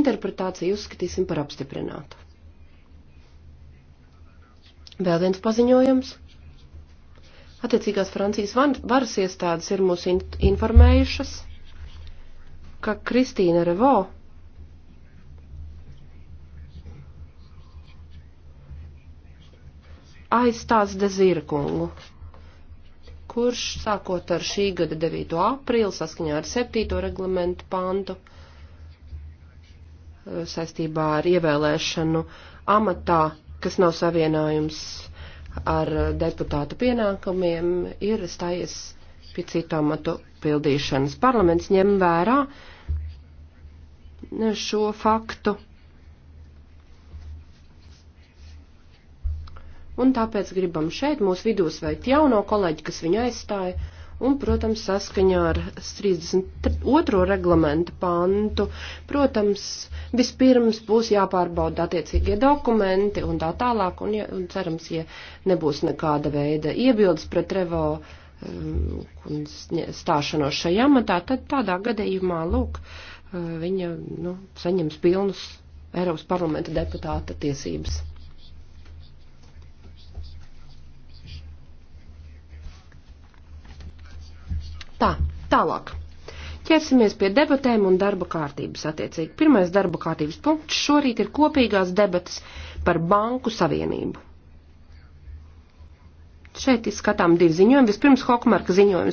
interpretāciju uzskatīsim par apstiprinātu. Vēl viens paziņojums. Attiecīgās Francijas varas iestādes ir mūs informējušas, ka Kristīna Revo aizstās Dezira kungu, kurš sākot ar šī gada 9. aprīli saskaņā ar 7. reglamentu pantu saistībā ar ievēlēšanu amatā, kas nav savienojums ar deputātu pienākumiem, ir stājies pie citu amatu pildīšanas. Parlaments ņem vērā šo faktu. Un tāpēc gribam šeit mūsu vidū sveikt jauno kolēģi, kas viņu aizstāja un, protams, saskaņā ar 32. reglamentu pantu, protams, vispirms būs jāpārbauda attiecīgie dokumenti un tā tālāk, un, ja, un cerams, ja nebūs nekāda veida iebildes pret Revo um, un stāšanos šajā amatā, tad tādā gadījumā, lūk, uh, viņa, nu, saņems pilnus Eiropas parlamenta deputāta tiesības. Tā, tālāk. Ķersimies pie debatēm un darba kārtības attiecīgi. Pirmais darba kārtības punkts šorīt ir kopīgās debatas par banku savienību. Šeit izskatām divi ziņojumi. Vispirms Hokmarka ziņojums.